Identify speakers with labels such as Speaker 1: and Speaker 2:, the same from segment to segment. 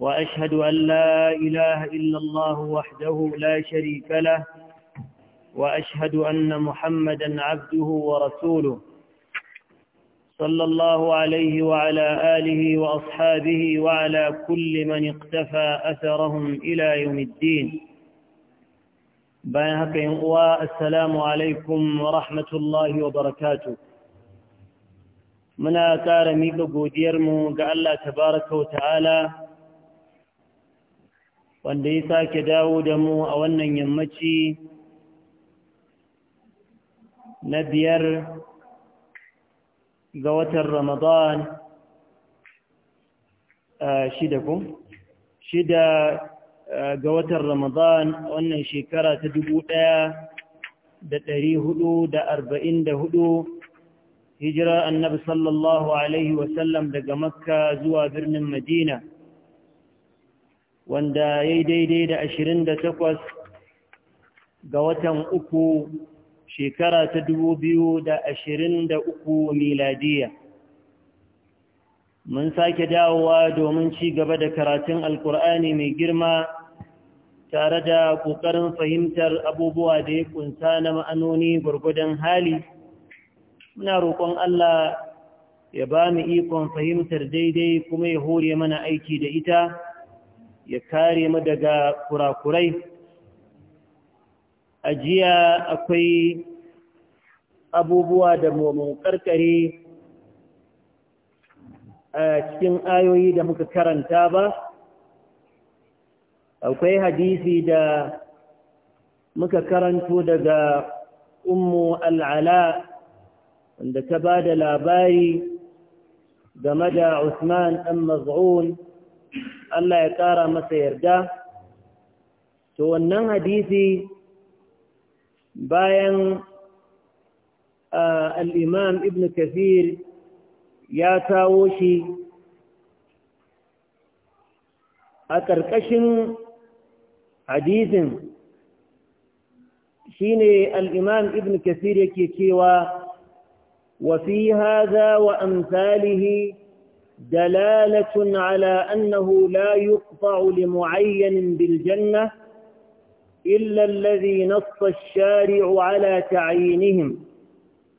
Speaker 1: وأشهد أن لا إله إلا الله وحده لا شريك له وأشهد أن محمدا عبده ورسوله صلى الله عليه وعلى آله وأصحابه وعلى كل من اقتفى أثرهم إلى يوم الدين السلام عليكم ورحمة الله وبركاته منا كارميك قوديرمو قال الله تبارك وتعالى wanda ya sake dawo da mu a wannan yammaci na biyar ga watan ramadan shida ko shida ga watan ramadan wannan shekara ta dubu ɗaya da ɗari hudu da arba'in da hudu hijira annabi sallallahu alaihi wasallam daga makka zuwa birnin madina wanda ya yi daidai da ashirin da takwas ga watan uku shekara ta dubu biyu da ashirin da uku miladiya mun sake dawowa domin ci gaba da karatun alkur'ani mai girma tare da ƙoƙarin fahimtar abubuwa da ya ƙunsa na ma'anoni gwargwadon hali muna roƙon Allah ya ba mu ikon fahimtar daidai kuma ya hore mana aiki da ita ya kare mu daga kurakurai a jiya akwai abubuwa da momon karkare a cikin ayoyi da muka karanta ba akwai hadisi da muka karanto daga ummu al'ala wanda ta ba da labari game da usman ɗan maz'un Allah ya ƙara masa yarda to wannan hadisi bayan al'imam ibn kafir ya kawo shi a ƙarƙashin hadisin shine al'imam ibn kafir yake cewa وفي wa amsalihi دلالة على أنه لا يقطع لمعين بالجنة إلا الذي نص الشارع على تعيينهم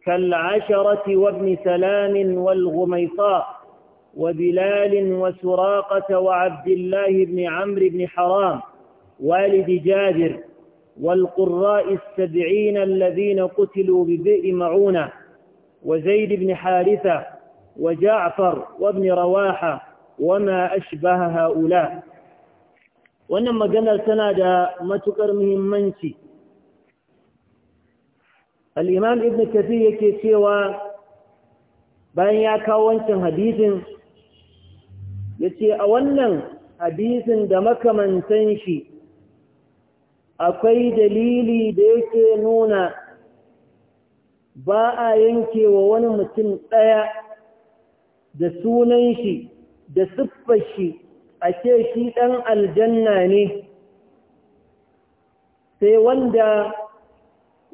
Speaker 1: كالعشرة وابن سلام والغميصاء وبلال وسراقة وعبد الله بن عمرو بن حرام والد جابر والقراء السبعين الذين قتلوا ببئر معونة وزيد بن حارثة وجعفر وابن rawaha, وما أشبه هؤلاء wannan maganar tana da matuƙar muhimmanci imam ibn Kathir yake cewa bayan ya kawo wancan hadisin ya ce a wannan hadisin da makamantan shi akwai dalili da yake nuna ba a yanke wa wani mutum ɗaya da sunan shi da siffar shi a ce shi ɗan aljanna ne sai wanda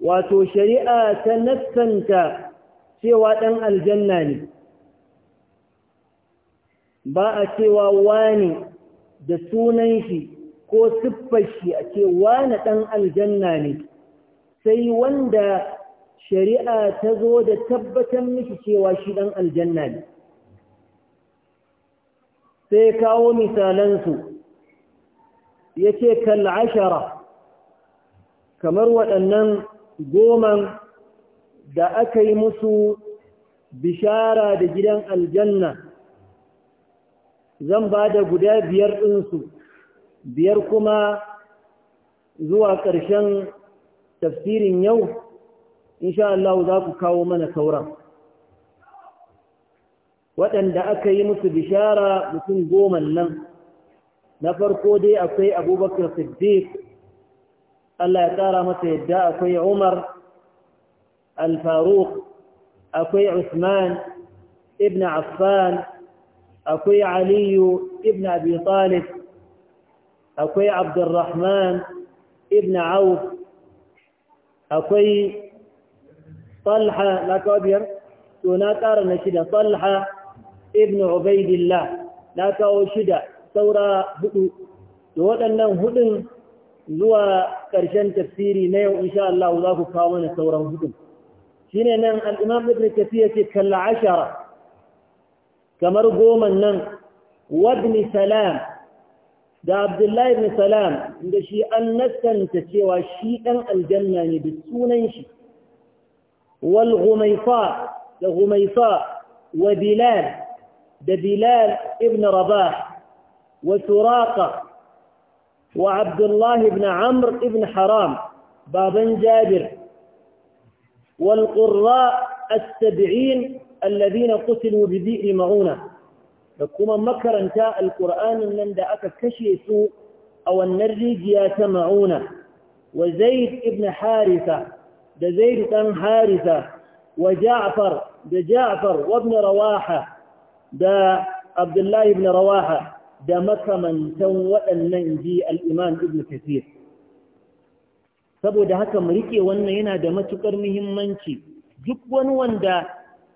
Speaker 1: wato shari'a ta nassanta cewa ɗan aljanna ne ba a cewa wani da sunan shi ko siffar shi a ce wani ɗan aljanna ne sai wanda shari'a ta zo da tabbatar miki cewa shi ɗan aljanna ne sai kawo misalansu ya ce kal'ashara kamar waɗannan goman da aka yi musu bishara da gidan aljanna zan ba da guda biyar ɗinsu biyar kuma zuwa ƙarshen tafsirin yau insha Allah za ku kawo mana sauran waɗanda aka yi musu bishara mutum goma nan na farko dai akwai abubakar siddiq Allah ya ƙara masa yadda akwai umar al-faruq akwai usman ibn affan akwai aliyu ibn abi talib akwai abdurrahman ibn auf akwai talha na kawabiyar to na ƙara na shida talha ibn ubaidillah na kawo shida saura hudu da waɗannan hudun zuwa ƙarshen tafsiri na yau insha Allah za ku kawo mana sauran hudun shine nan al-imam ibn kathir yace kal ashara kamar goma nan wabni salam da abdullahi ibn salam inda shi an nasanta cewa shi ɗan aljanna ne da sunan shi wal gumaifa da gumaifa wa bilal ببلال بن ابن رباح وسراقة وعبد الله بن عمرو ابن حرام بابن جابر والقراء السبعين الذين قتلوا بذئر معونة مكر انتاء القرآن من دعك أكا كشيسو أو النرجيات سمعونه وزيد ابن حارثة بزيد بن حارثة وجعفر بجعفر وابن رواحة da abdullahi ibn rawaha da makamantan waɗannan ji aliman ibn kafir saboda haka mu riƙe wannan yana da matuƙar muhimmanci duk wani wanda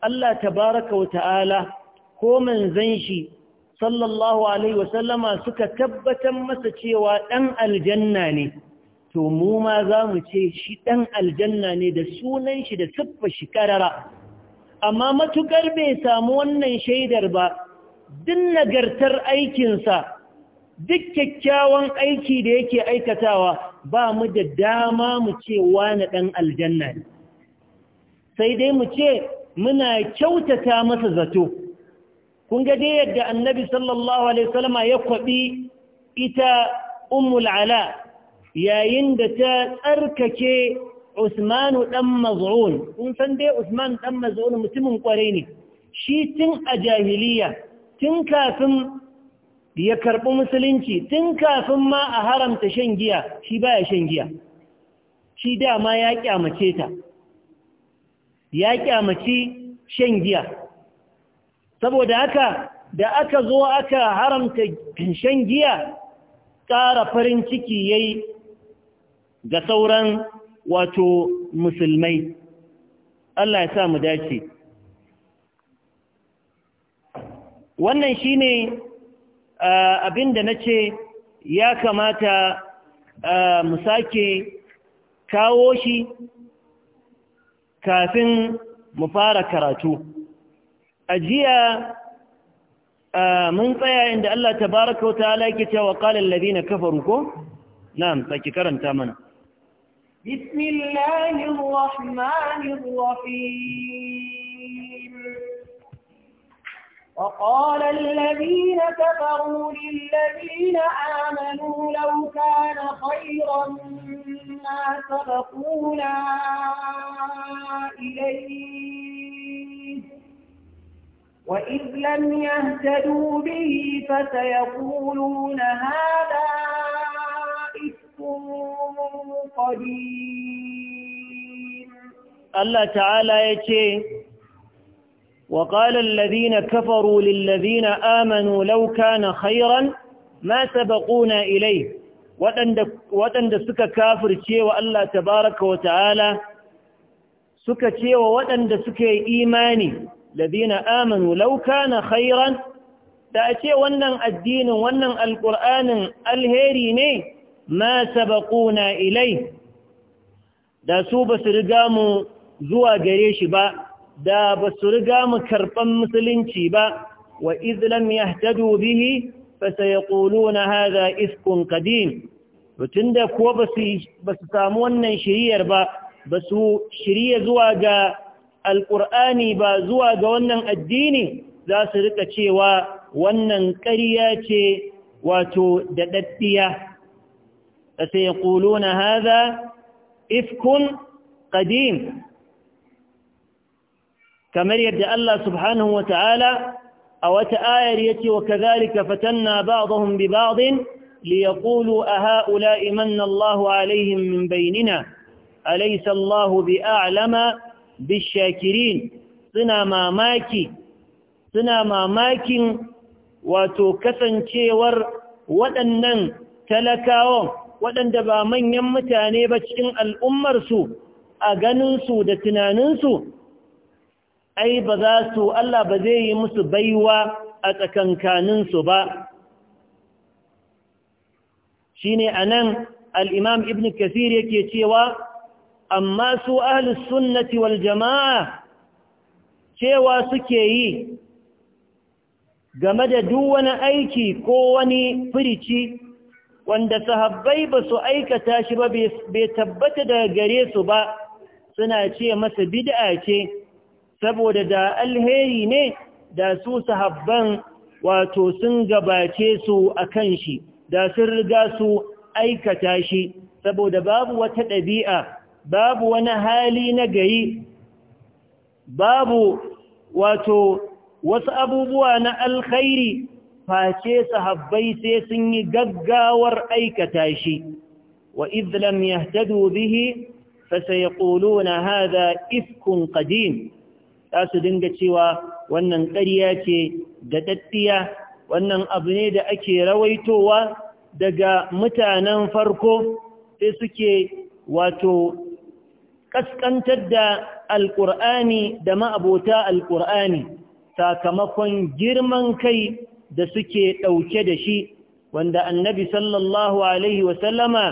Speaker 1: Allah tabaraka wa ta'ala ko manzan shi sallallahu alaihi wasallama suka tabbatar masa cewa ɗan aljanna ne to mu ma za mu ce shi ɗan aljanna ne da sunan shi da siffa shi ƙarara. amma matukar bai samu wannan shaidar ba duk nagartar aikinsa duk kyakkyawan aiki da yake aikatawa ba mu da dama mu ce wani ɗan aljanna ne sai dai mu ce muna kyautata masa zato kun ga yadda annabi sallallahu alaihi wasallama ya kwaɓi ita ummul ala yayin da ta tsarkake Usmanu ɗan Maz'un, kun san dai Usmanu ɗan Maz'un mutumin ƙwarai ne, shi tun a jahiliya, tun kafin ya karɓi musulunci, tun kafin ma a haramta shan giya, shi ya shan giya. Shi dama ya ƙyamace ta, ya ƙyamace shan giya. Saboda haka, da aka zo aka haramta shan giya, ƙara farin ciki yayi ga sauran wato musulmai Allah ya sa mu dace wannan shine abin da na ce ya kamata mu sake kawo shi kafin mu fara karatu ajiya mun tsaya inda Allah ta wa ta'ala yake cewa qala alladhina kafaru ko na'am saki karanta
Speaker 2: mana بسم الله الرحمن الرحيم وقال الذين كفروا للذين آمنوا لو كان خيرا ما سبقونا إليه وإذ لم يهتدوا به فسيقولون هذا قدير
Speaker 1: الله تعالى يتي وقال الذين كفروا للذين آمنوا لو كان خيرا ما سبقونا ilai. waɗanda suka kafirce wa Allah tabaraka wa ta'ala suka ce wa waɗanda suka yi imani ladina amanu lauka na khairan da a ce wannan addinin wannan alƙur'anin alheri ne ma na ilai da su ba su riga mu zuwa gare shi ba da ba su riga mu karban musulunci ba wa izlam yahtadu bihi fa sayquluna hadha ifkun qadim tunda kuwa ba su samu wannan shiriyar ba ba su shirya zuwa ga alƙur'ani ba zuwa ga wannan addini za su rika cewa wannan ƙarya ce wato daɗaɗɗiya فسيقولون هذا إفك قديم كما يرد الله سبحانه وتعالى أو تآير تآيريتي وكذلك فتنا بعضهم ببعض ليقولوا أهؤلاء من الله عليهم من بيننا أليس الله بأعلم بالشاكرين صنا ما ماكي صنا ما ماكي وتكثن شيور وأنن تلكاهم waɗanda ba manyan mutane ba cikin al'ummarsu a ganinsu da tunaninsu ai ba za su Allah ba zai yi musu baiwa a tsakankaninsu ba shi ne a nan al'imam ibn Kathir yake cewa amma su ahalus sunnati wal jama'a cewa suke yi game da duk wani aiki ko wani firici wanda sahabbai ba su aikata shi ba bai tabbata daga gare su ba suna ce masa bid'a ce saboda da alheri ne da su sahabban wato sun gabace su akan shi da sun riga su aikata shi saboda babu wata ɗabi'a babu wani hali na gayi, babu wato wasu abubuwa na alkhairi face sahabbai sai sun yi gaggawar aikata shi wa izlam yahtadu bihi na hadha ifkun qadim za su dinga cewa wannan ƙarya ce da ɗaɗɗiya wannan abu ne da ake rawaitowa daga mutanen farko sai suke wato kaskantar da alƙur'ani da ma'abota alƙur'ani sakamakon girman kai da suke ɗauke da shi wanda annabi sallallahu alaihi wasallama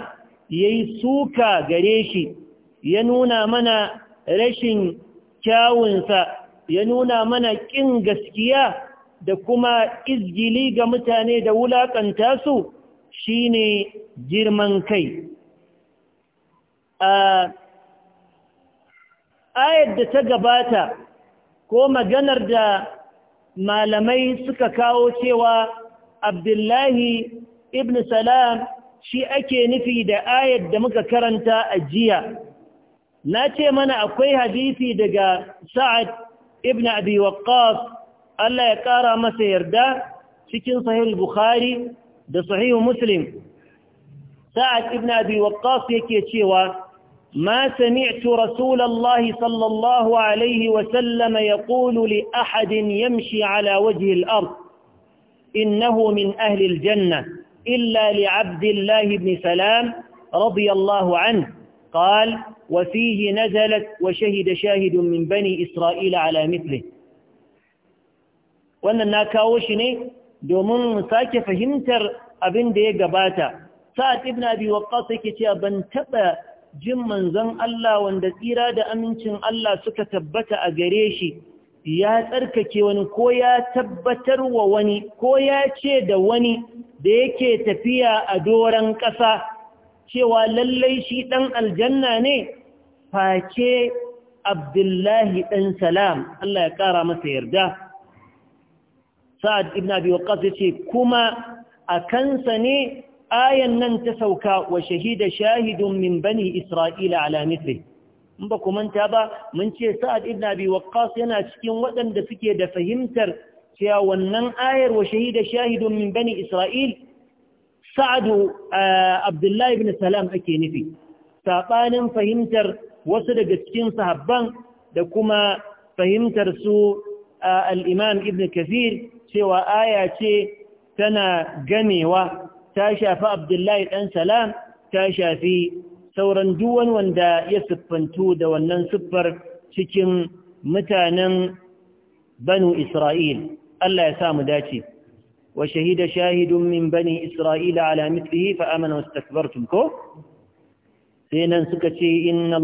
Speaker 1: ya yi suka gare shi ya nuna mana rashin kyawunsa ya nuna mana ƙin gaskiya da kuma izgili ga mutane da wulaƙanta su shine girman kai a ayar da ta gabata ko maganar da malamai suka kawo cewa abdullahi ibn salam shi ake nufi da ayat da muka karanta a jiya na ce mana akwai hadisi daga sa'ad ibn abi waqqas Allah ya kara masa yarda cikin sahih bukhari da sahih muslim sa'ad ibn abi waqqas yake cewa ما سمعت رسول الله صلى الله عليه وسلم يقول لأحد يمشي على وجه الأرض إنه من أهل الجنة إلا لعبد الله بن سلام رضي الله عنه قال وفيه نزلت وشهد شاهد من بني إسرائيل على مثله وأن الناكاوشني دومون shi فهمتر أبن sake fahimtar abin da ya gabata sa'ad ibn jin manzon Allah wanda tsira da amincin Allah suka tabbata a gare shi ya tsarkake wani ko ya tabbatar wa wani ko ya ce da wani da yake tafiya a doron ƙasa cewa lallai shi ɗan aljanna ne face abdullahi ɗan salam Allah ya ƙara masa yarda sa'ad ibn abi waqqas ce kuma a kansa ne ayan nan ta sauka wa shahida shahidun min bani isra'ila ala mithli in ba ku manta ba mun ce sa'ad ibn abi waqqas yana cikin waɗanda suke da fahimtar cewa wannan ayar wa shahida shahidun min bani isra'il sa'ad eh, abdullahi ibn salam ake nufi sabanin fahimtar wasu daga cikin sahabban da kuma fahimtar su eh, al-imam ibn kathir cewa aya ce tana gamewa ta shafi abdullahi ɗan salam ta shafi sauran duwan wanda ya siffantu da wannan siffar cikin mutanen banu isra'il Allah ya samu dace wa shahida shahidun min bani isra'ila ala mithlihi fa amana wastakbartum ko sai nan suka ce inna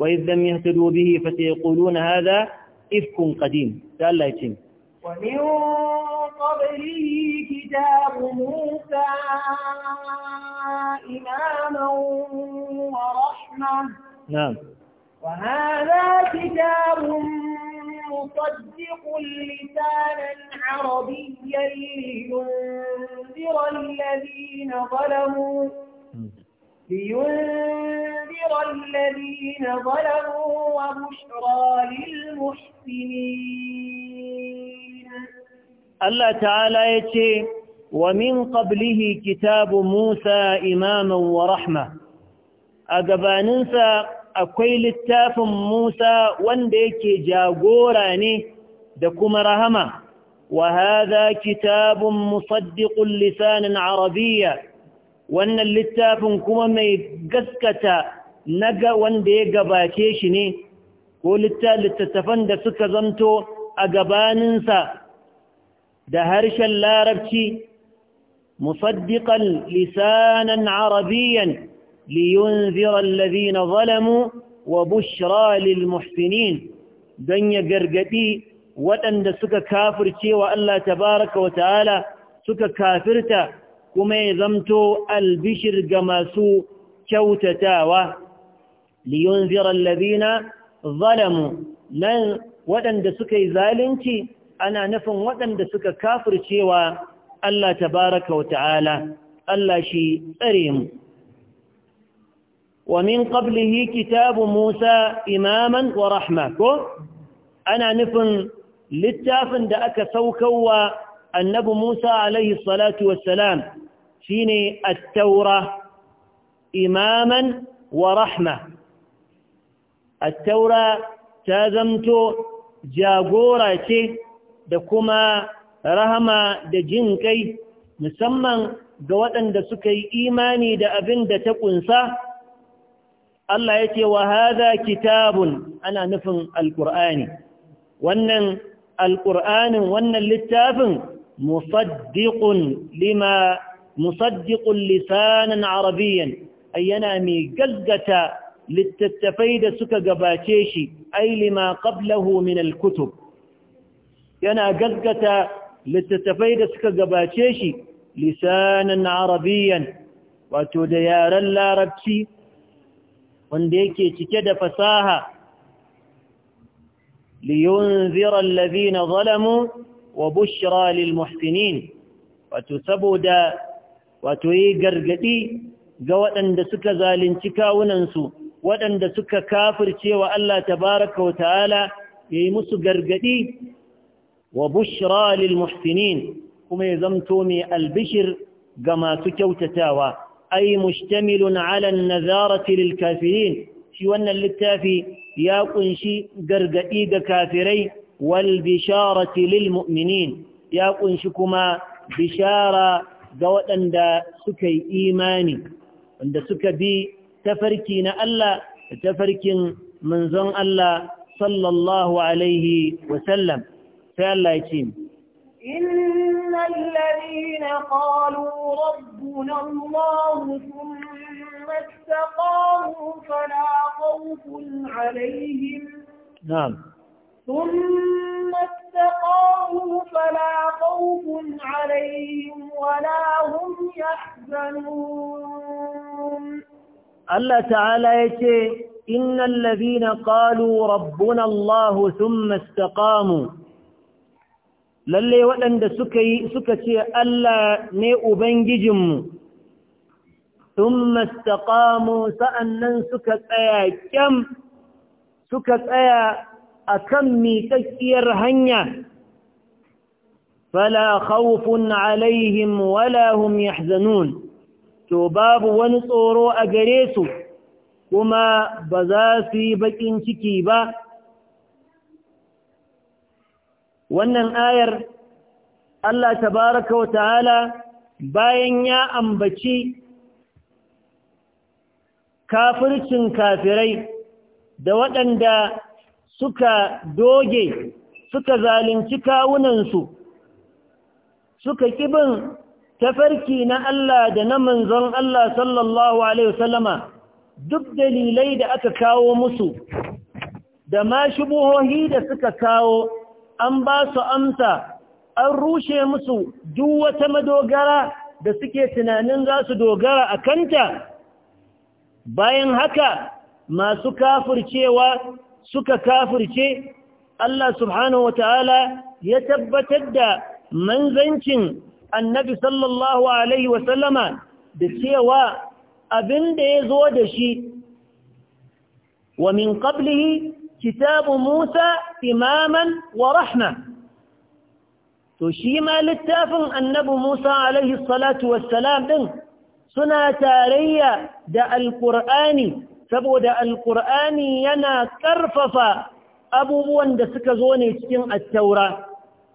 Speaker 1: wa idh lam yahtadu bihi fa sayquluna hadha ifkun qadim sai Allah ya ce
Speaker 2: ومن قبله كتاب موسى إماما ورحمة نعم وهذا كتاب مصدق لسانا عربيا لينذر الذين ظلموا لينذر الذين ظلموا وبشرى للمحسنين
Speaker 1: الله تعالى يتي ومن قبله كتاب موسى إماما ورحمة أقباننسى akwai littafin Musa wanda yake jagora ne da kuma rahama wa hadha kitabun musaddiqun lisanan arabiyya wannan littafin kuma mai gaskata ga wanda ya gabace shi ne ko littattafan da suka zanto a gabaninsa da harshen larabci musaddiƙan lisanan arabiyan ziran allazina zalamu wa bushra lil muhsinin don ya gargadi waɗanda suka kafircewa Allah tabaraka wa ta'ala suka kafirta kuma ya zamto albishir ga masu kyautatawa liyun zirar labina zalamu nan waɗanda suka yi zalunci ana nufin waɗanda suka kafircewa Allah tabaraka wa ta'ala Allah shi tsare mu wa min ƙablihi kitabu Musa imaman wa rahma ko ana nufin littafin da aka wa annabi Musa alaihi salatu wassalam shine at-taura imaman wa rahma at-taura ta zamto jagora ce da kuma rahama da jin kai musamman ga waɗanda suka yi imani da abin da ta ƙunsa Allah ya ce wa haza kitabun ana nufin alƙur'ani wannan alƙur'anin wannan littafin musaddiqun lima مصدق لسانا عربيا أي نامي قزقة للتتفيد سكا قباتيشي أي لما قبله من الكتب ينا قزقة للتتفيد سكا قباتيشي لسانا عربيا وتديارا لا ربشي ونديكي تكد فساها لينذر الذين ظلموا وبشرى للمحسنين وتسبد wato yi gargadi ga waɗanda suka zalunci kawunansu waɗanda suka kafirce wa Allah tabaraka wa ta'ala yayi musu gargadi wa bushra lil muhsinin kuma ya zamto mai albishir ga masu kyautatawa ai mushtamilun ala nazarati lil kafirin shi wannan littafi ya kunshi gargadi ga kafirai wal bisharati lil mu'minin ya kunshi kuma bishara ga waɗanda suka yi imani wanda suka bi tafarki na Allah da tafarkin manzon Allah sallallahu alaihi wasallam sai Allah ya ce
Speaker 2: إن الذين قالوا ربنا الله ثم استقاموا فلا خوف عليهم نعم ثم استقاموا فلا خوف عليهم ولا هم يحزنون
Speaker 1: الله تعالى يتي إن الذين قالوا ربنا الله ثم استقاموا lalle waɗanda suka yi suka ce Allah ne Ubangijinmu, sun mastaƙamu sa'annan suka tsaya kyam, suka tsaya akan miƙaƙƙiyar hanya fala khawfun alaihim wala hum yahzanun to babu wani tsoro a gare su kuma ba za su yi baƙin ciki ba wannan ayar Allah tabaraka wa ta'ala bayan ya ambaci kafircin kafirai da waɗanda suka doge suka zalunci kawunansu suka kibin tafarki na Allah da na manzon Allah sallallahu Alaihi wasallama duk dalilai da aka kawo musu da ma shubuhohi da suka kawo an ba su amsa an rushe musu duk wata madogara da suke tunanin za su dogara a kanta bayan haka masu kafircewa suka kafirce Allah subhanahu ta'ala ya tabbatar da manzancin annabi sallallahu alaihi wasallama da cewa abin da ya zo da shi wa min qablihi kitabu Musa imaman wa rahma to shi ma littafin annabi Musa alaihi salatu suna tarayya da alƙur'ani saboda alƙur'ani yana ƙarfafa abubuwan da suka zo ne cikin attaura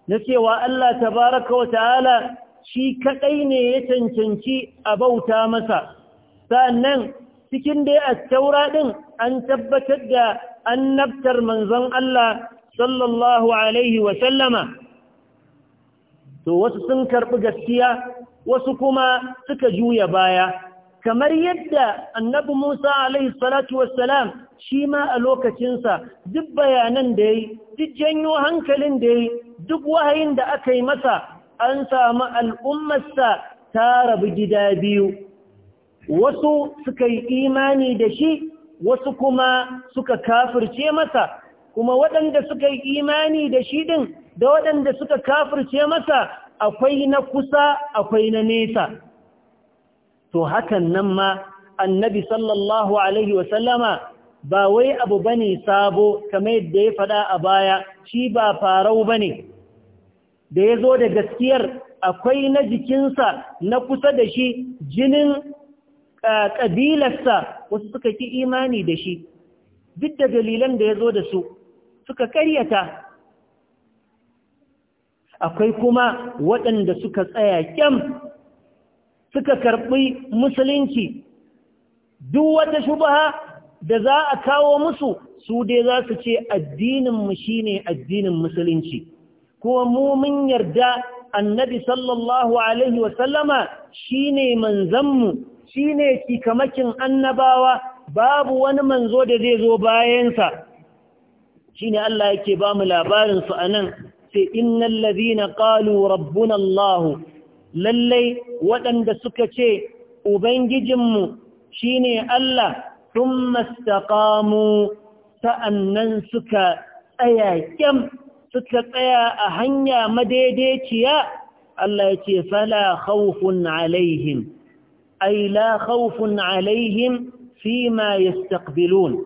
Speaker 1: na cewa Allah tabaraka wa ta'ala shi kaɗai ne ya cancanci a bauta masa sannan cikin dai attaura ɗin an tabbatar da annabtar manzon Allah sallallahu alaihi wa sallama to wasu sun karɓi gaskiya wasu kuma suka juya baya kamar yadda annabi Musa alaihi salatu wassalam shi ma a lokacinsa duk bayanan da ya yi duk janyo hankalin da ya yi duk wahayin da aka yi masa an samu al'ummarsa ta rabu gida biyu wasu suka yi imani da shi wasu kuma suka kafirce masa kuma waɗanda suka yi imani da shi ɗin da waɗanda suka kafirce masa akwai na kusa akwai na nesa to hakan nan ma annabi sallallahu alaihi wasallama ba wai abu bane sabo kamar yadda ya faɗa a baya shi ba farau bane da ya zo da gaskiyar akwai na jikinsa na kusa da shi jinin ƙabilarsa wasu suka ki imani da shi duk da dalilan da ya zo da su suka karyata akwai kuma waɗanda suka tsaya kyam suka karɓi musulunci duk wata shubaha da za a kawo musu su dai za su ce addininmu shi ne addinin musulunci kuma mu mun yarda annabi sallallahu alaihi wasallama shi ne manzanmu shi ne kikamakin annabawa babu wani manzo da zai zo bayansa shi ne Allah yake ba mu labarinsu a nan sai innan lazina ƙalu rabbunallahu lallai waɗanda suka ce ubangijinmu shine Allah sun mastaƙamu sa'annan suka tsaya ƙyam suka tsaya a hanya madaidaiciya Allah ya ce fala khawfun alaihim Ai la khawfun alaihim ma yastaqbilun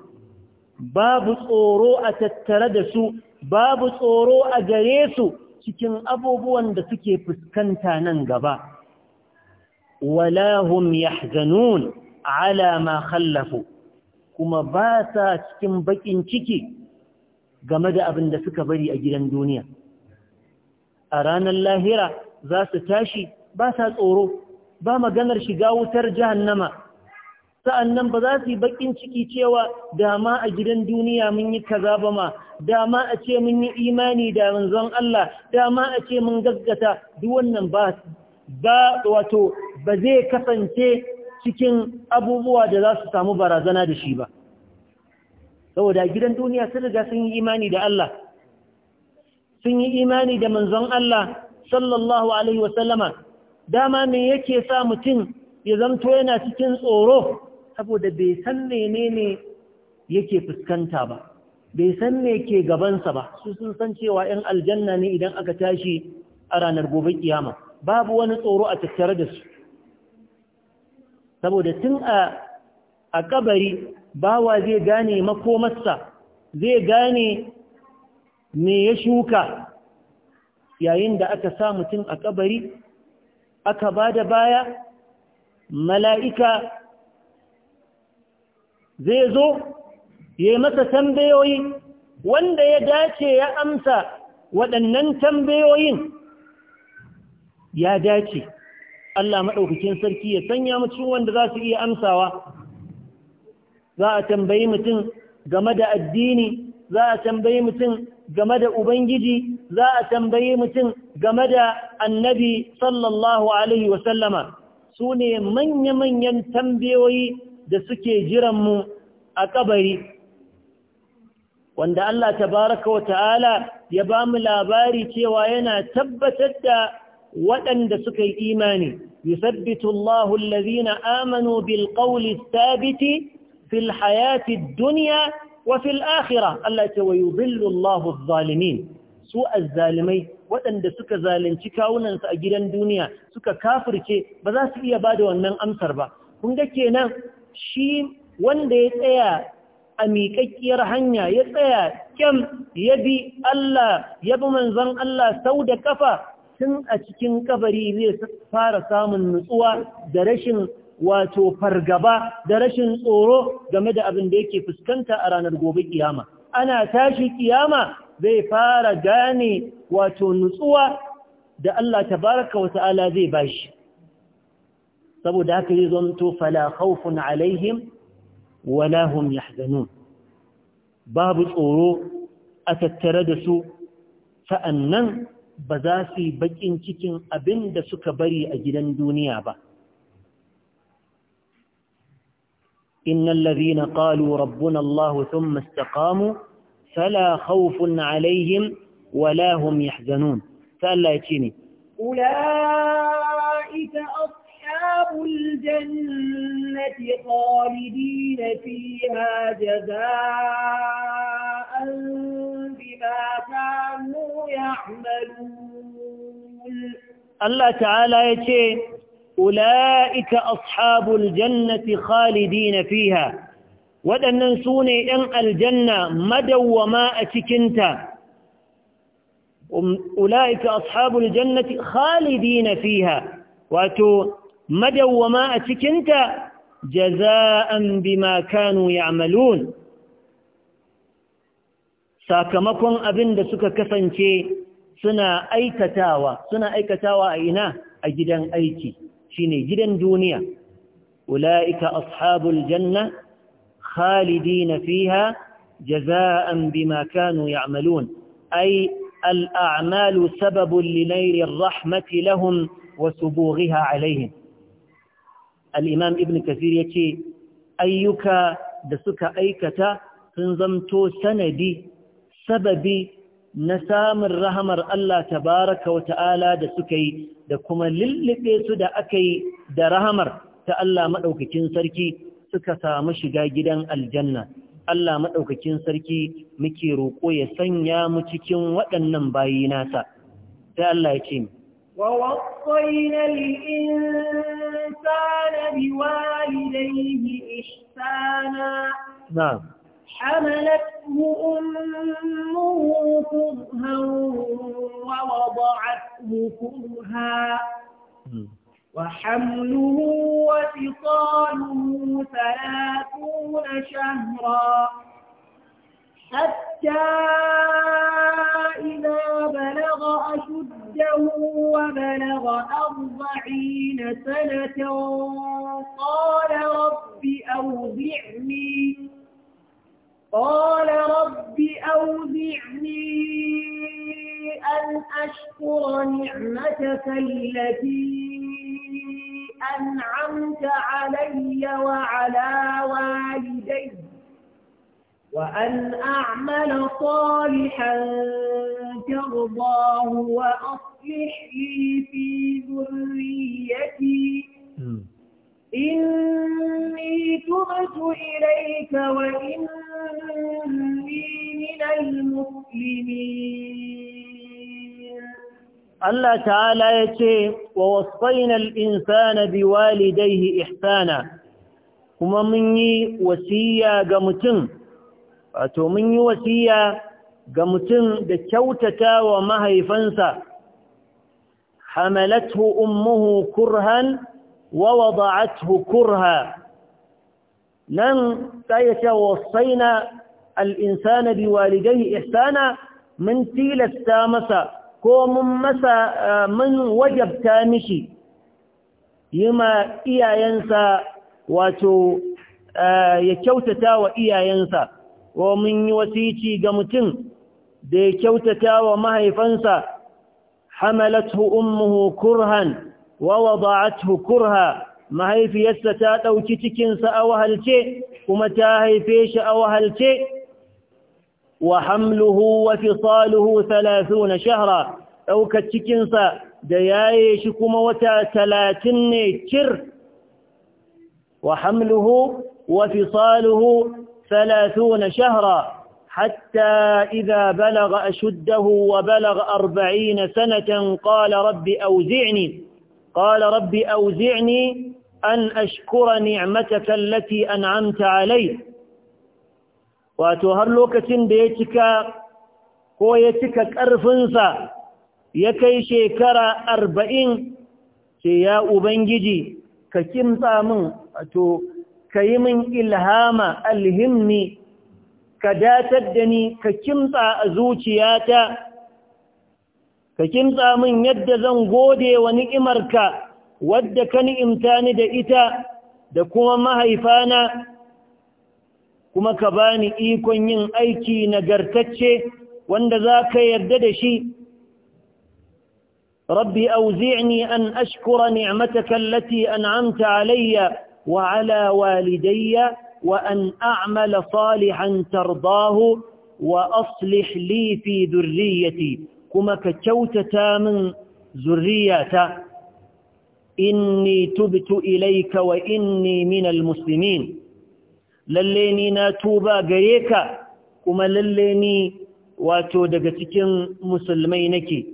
Speaker 1: babu tsoro a tattare da su babu tsoro a gare su cikin abubuwan da suke fuskanta nan gaba walahum yahzanun ala ma khallafu kuma ba sa cikin bakin ciki game da abin da suka bari a gidan duniya a ranar lahira za su tashi ba sa tsoro ba maganar shiga wutar jahannama sa'annan ba za su yi bakin ciki cewa dama a gidan duniya mun yi kaza ba ma dama a ce mun yi imani da manzon Allah dama a ce mun gaggata duk wannan ba ba wato ba zai kasance cikin abubuwa da za su samu barazana da shi ba saboda gidan duniya sun riga sun yi imani da Allah sun yi imani da manzon Allah sallallahu alaihi wasallama dama me yake sa mutum ya zamto yana cikin tsoro saboda bai san menene yake fuskanta ba bai san me ke gabansa ba su sun san cewa 'yan aljanna ne idan aka tashi a ranar gobe kiyama babu wani tsoro a tattare da su saboda tun a a kabari bawa zai gane makomarsa zai gane me ya shuka yayin da aka sa mutum a kabari aka ba da baya mala'ika zai zo ya masa tambayoyi wanda ya dace ya amsa waɗannan tambayoyin ya dace Allah maɗaukakin sarki ya sanya mutum wanda za su iya amsawa za a tambayi mutum game da addini za a tambayi mutum game da Ubangiji za a tambayi mutum game da annabi sallallahu Alaihi wasallama su ne manya-manyan tambayoyi da suke jiranmu a kabari wanda Allah tabaraka wa ta'ala ya ba mu labari cewa yana tabbatar da waɗanda suka yi imani yusabbitu Allahu allazina amanu bil qawli thabiti fil hayati ad-dunya wa fil akhirah Allah ta wa yudhillu Allahu adh-dhalimin su az-zalimai waɗanda suka zalunci kawunansu a gidan duniya suka kafirce ba za su iya bada wannan amsar ba kun ga kenan shi wanda ya tsaya a miƙaƙƙiyar hanya ya tsaya kyan ya bi Allah ya bi manzan Allah sau da ƙafa. tun a cikin kabari zai fara samun nutsuwa da rashin wato fargaba da rashin tsoro game da abin da yake fuskanta a ranar gobe kiyama ana tashi kiyama zai fara gane wato nutsuwa da Allah tabaraka wa ta'ala zai bashi saboda haka yi zonto fala khawfun alaihim wala yahzanun babu tsoro a tattare da su sa'annan ba za su yi bakin cikin abin da suka bari a gidan duniya ba إن الذين قالوا ربنا الله ثم استقاموا فلا خوف عليهم ولا هم يحزنون فألا يتيني
Speaker 2: أولئك أصحاب الجنة خالدين فيها جزاء بما كانوا يعملون
Speaker 1: الله تعالى يتشه أولئك أصحاب الجنة خالدين فيها ودن ننسوني إن الجنة مدوا وما أتكنت أولئك أصحاب الجنة خالدين فيها وأتوا مدوما أتكنت جزاء بما كانوا يعملون ساكمكم أبن دسك كفن كي سنا أي كتاوى سنا أي كتاوى أينا أجدا أيكي شيني جدا دونيا أولئك أصحاب الجنة خالدين فيها جزاء بما كانوا يعملون أي الأعمال سبب لنيل الرحمة لهم وسبوغها عليهم al'imam ibn kafir ya ce ayyuka da suka aikata sun zamto sanadi sababi na samun rahamar Allah tabaraka wa ta'ala da suka yi da kuma lullube su da aka yi da rahamar ta Allah maɗaukakin sarki suka samu shiga gidan aljanna Allah maɗaukakin sarki muke roƙo ya sanya mu cikin waɗannan bayi nasa sai Allah ya ce
Speaker 2: ووصينا الإنسان بوالديه إحسانا نعم حملته أمه كرها ووضعته كرها وحمله وفصاله ثلاثون شهرا حتى إذا بلغ أشده وبلغ أربعين سنة قال رب أوزعني قال رب أوزعني أن أشكر نعمتك التي أنعمت علي وعلى والدي وأن أعمل صالحا ترضاه وأصلح لي في ذريتي إني تبت إليك وإني من المسلمين
Speaker 1: الله تعالى يتي ووصينا الإنسان بوالديه إحسانا kuma mun yi wasiya ga mutum wato mun yi wasiya ga mutum da kyautata wa mahaifansa hamalathu ummuhu kurhan wa wada'athu kurha nan kayata wasaina al-insana biwalidayhi ihsana mun tilasta masa ko mun masa mun wajabta mishi yima iyayensa wato ya kyautata wa iyayensa ko mun yi wasici ga mutum da ya kyautata wa mahaifansa hamalathu ummuhu kurhan wa wada'athu kurha mahaifiyarsa ta ɗauki cikinsa a wahalce kuma ta haife shi a wahalce wa hamluhu wa fisaluhu 30 shahra ɗaukar cikinsa da yaye shi kuma wata talatin ne cir wa hamluhu wa fisaluhu ثلاثون شهرا حتى إذا بلغ أشده وبلغ أربعين سنة قال رب أوزعني قال رب أوزعني أن أشكر نعمتك التي أنعمت علي واتوهر لوكة بيتك قويتك كرفنسا يكي شكرا أربعين سياء بنججي كتمتا من أتو ka yi min ilhama alhimmi. ka datar da ni ka kimtsa a zuciyata ka kimtsa min yadda zan gode wa ni'imarka wadda ka ni'imta ni da ita da kuma mahaifana kuma ka bani ikon yin aiki nagartacce wanda za ka yarda da shi rabbi auzini an أشكر نعمتك التي أنعمت alayya وعلى والدي وأن أعمل صالحا ترضاه وأصلح لي في ذريتي كما كتوتتا من ذريتا إني تبت إليك وإني من المسلمين لليني ناتوبا قريكا كما لليني واتو مسلمينك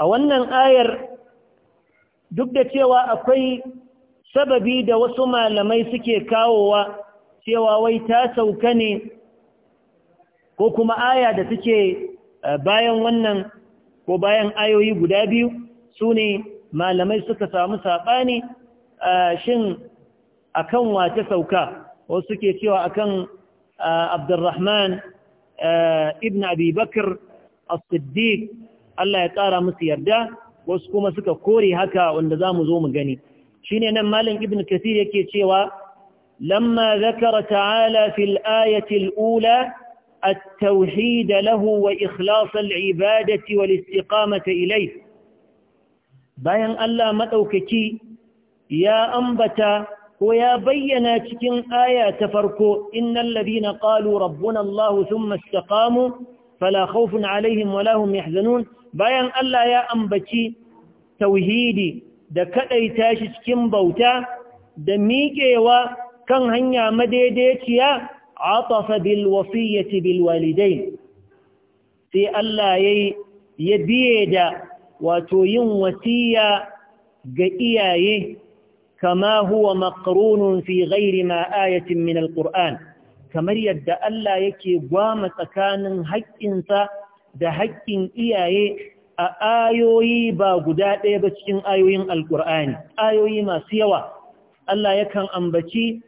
Speaker 1: أولا آير دبتي da sababi da wasu malamai suke kawowa cewa wai ta sauka ne ko kuma aya da suke eh, bayan wannan ko bayan ayoyi guda biyu su ne malamai suka samu saɓani eh, shin akan wata sauka wasu suke cewa akan eh, abdurrahman ibn abubakar as-siddiq Allah ya ƙara musu yarda wasu kuma suka kore haka wanda za mu zo mu gani shine nan malam ibn kathir yake cewa lamma zakara ta'ala fil ayati al-ula التوحيد له وإخلاص العبادة والاستقامة ilai bayan Allah maɗaukaki ya ambata ko ya bayyana cikin aya ta farko innal ladina qalu rabbuna Allah thumma istaqamu fala khawfun alaihim wala hum yahzanun bayan Allah ya ambaci tauhidi da kaɗaita shi cikin bauta da miƙewa kan hanya madaidaiciya atafa bil wasiyyati bil walidai. sai Allah ya biye da wato yin wasiya ga iyaye kama huwa maqrunun fi ghairi ma min alquran kamar yadda Allah yake gwama tsakanin haƙƙinsa da haƙƙin iyaye a ayoyi ba guda ɗaya ba cikin ayoyin alƙur'ani ayoyi masu yawa Allah yakan ambaci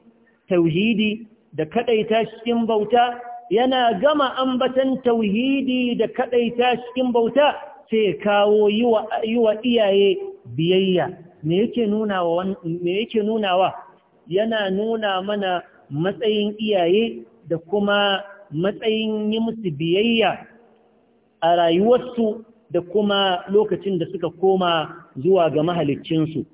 Speaker 1: tauhidi da kaɗaita cikin bauta yana gama ambatan tauhidi da kaɗaita cikin bauta sai kawo yi wa iyaye biyayya me yake nunawa yana nuna mana matsayin iyaye da kuma matsayin yi musu biyayya a rayuwarsu da kuma lokacin da suka koma zuwa ga mahaliccinsu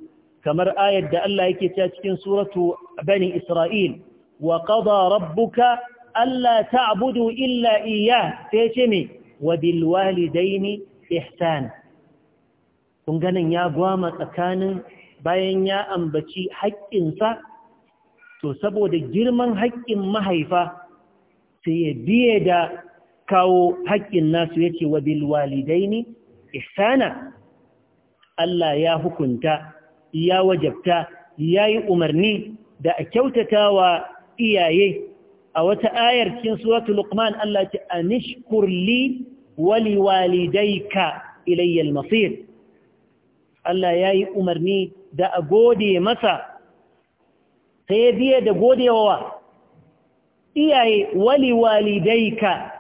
Speaker 1: kamar ayar da Allah yake ta cikin suratu bani Isra'il wa qada rabbuka alla ta'budu illa iyyah sai ce me wa bil walidaini ihsan kun ganin ya gwama tsakanin bayan ya ambaci haƙƙinsa to saboda girman haƙƙin mahaifa sai ya biye da kawo haƙƙin nasu yake wa bilwalidai walidaini isana. Allah ya hukunta ya wajabta ya yi umarni da a kyautata wa iyaye a wata ayar cikin suratu luqman Allah ce anishkur li wali walidayka ilayya masir Allah ya yi umarni da a gode masa sai biye da godewa iyaye wali walidayka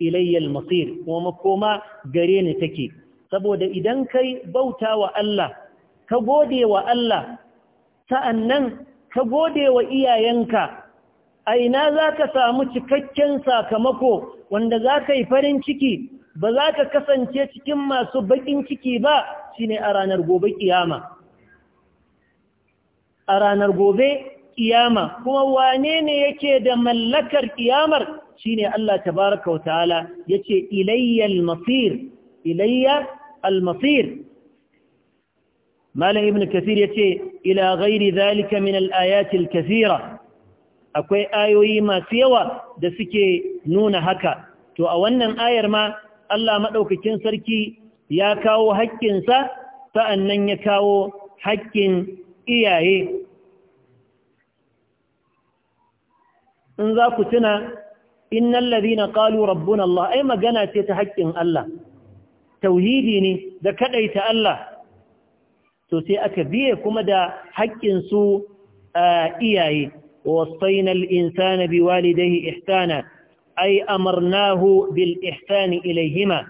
Speaker 1: ilayyal masir kuma makoma gare ni take saboda idan kai bauta wa Allah ka gode wa Allah sa'annan ka gode wa iyayenka a ina za ka samu cikakken sakamako wanda za ka yi farin ciki ba za ka kasance cikin masu baƙin ciki ba shi ne a ranar gobe ƙiyama a ranar gobe ƙiyama kuma wane ne yake da mallakar ƙiyamar shine Allah tabaraka wataala yace ilayya al-masir ilayya al malam ibn kathir yace ila ghairi zalika min al kathira akwai ayoyi masu yawa da suke nuna haka to a wannan ayar ma Allah maɗaukakin sarki ya kawo haƙƙinsa sa'annan ya kawo haƙƙin iyaye in za ku tuna innal ladhina qalu rabbuna Allah ai magana ce ta haƙƙin Allah tauhidi ne da kadaita Allah to sai aka biye kuma da haƙƙin su iyaye wasaina insana bi walidai ihsana ai amarnahu bil ihsani ilayhima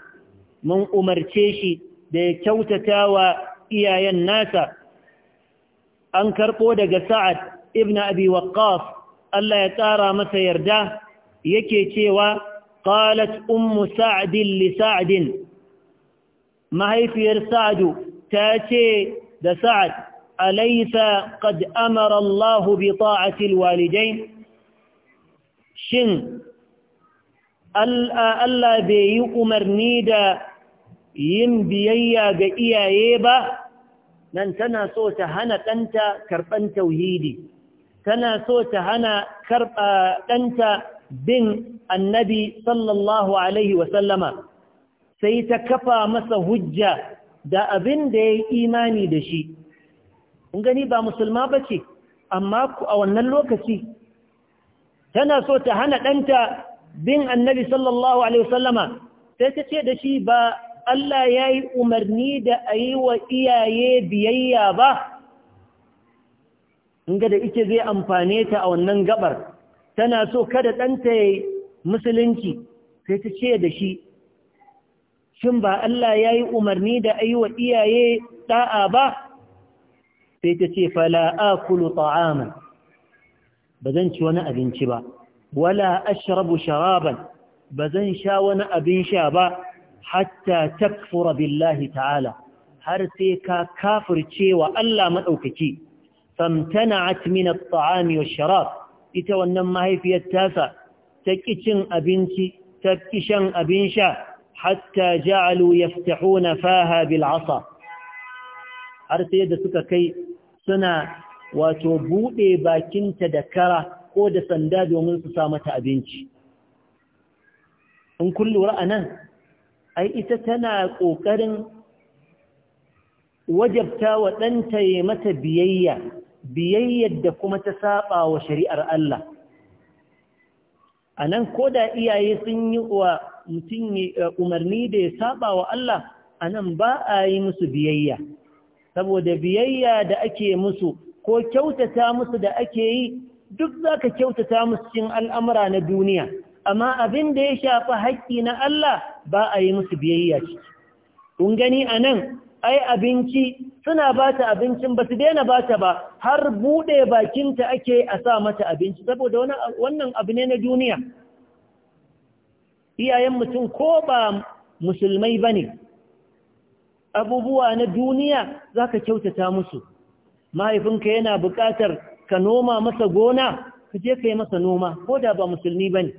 Speaker 1: mun umarce shi da ya kyautatawa iyayen nasa an karɓo daga sa'ad ibn abi waqqas Allah ya tsara masa yarda yake cewa qalat ummu sa'd li sadin mahaifiyar sa'du ta ce da sa'ad alaysa qad amara Allah bi ta'ati alwalidain shin Allah bai yi umarni da yin biyayya ga iyaye ba nan tana so ta hana ɗanta karɓan tauhidi tana so ta hana ɗanta bin annabi sallallahu alaihi wasallama sai ta kafa masa hujja da abin da ya yi imani da shi in gani ba musulma ba ce amma a wannan lokaci tana so ta hana ɗanta bin annabi sallallahu alaihi wasallama sai ta ce da shi ba Allah ya yi umarni da a yi wa iyaye biyayya ba in da ike zai amfane ta a wannan gabar tana so kada ɗanta ya musulunci sai ta ce da shi shin ba Allah ya yi umarni da ayi wa iyaye ɗa'a ba sai ta ce fala'a kulu ta'aman ba zan ci wani abinci ba wala ashrabu sharaban ba zan sha wani abin sha ba hatta takfura billahi ta'ala har sai ka kafirce wa Allah maɗaukaki famtana'at min at-ta'ami wash ita wannan mahaifiyar tasa ta ƙi cin abinci ta ƙi shan abin sha hatta ja'alu yaftahuna faha bil asa har sai da suka kai suna wato buɗe bakinta da kara ko da sanda domin su sa mata abinci in kun lura a ai ita tana ƙoƙarin wajabta wa ɗanta ya mata biyayya biyayyar da kuma ta saba wa shari'ar Allah anan nan ko da iyaye sun yi wa mutum eh, umarni da ya saba wa Allah anan ba a yi musu biyayya saboda biyayya da ake musu ko kyautata musu da ake yi duk zaka kyautata musu cikin al'amura na duniya amma abin da ya shafa haƙƙi na Allah ba a yi musu biyayya ciki. Kun gani anan ai abinci suna ba ta abincin ba su daina ba ta ba har buɗe bakinta ake a sa mata abinci saboda wannan abu ne na duniya iyayen mutum ko ba musulmai ba ne abubuwa na duniya za ka kyautata musu mahaifinka yana buƙatar ka noma masa gona ka je ka masa noma ko da ba musulmi ba ne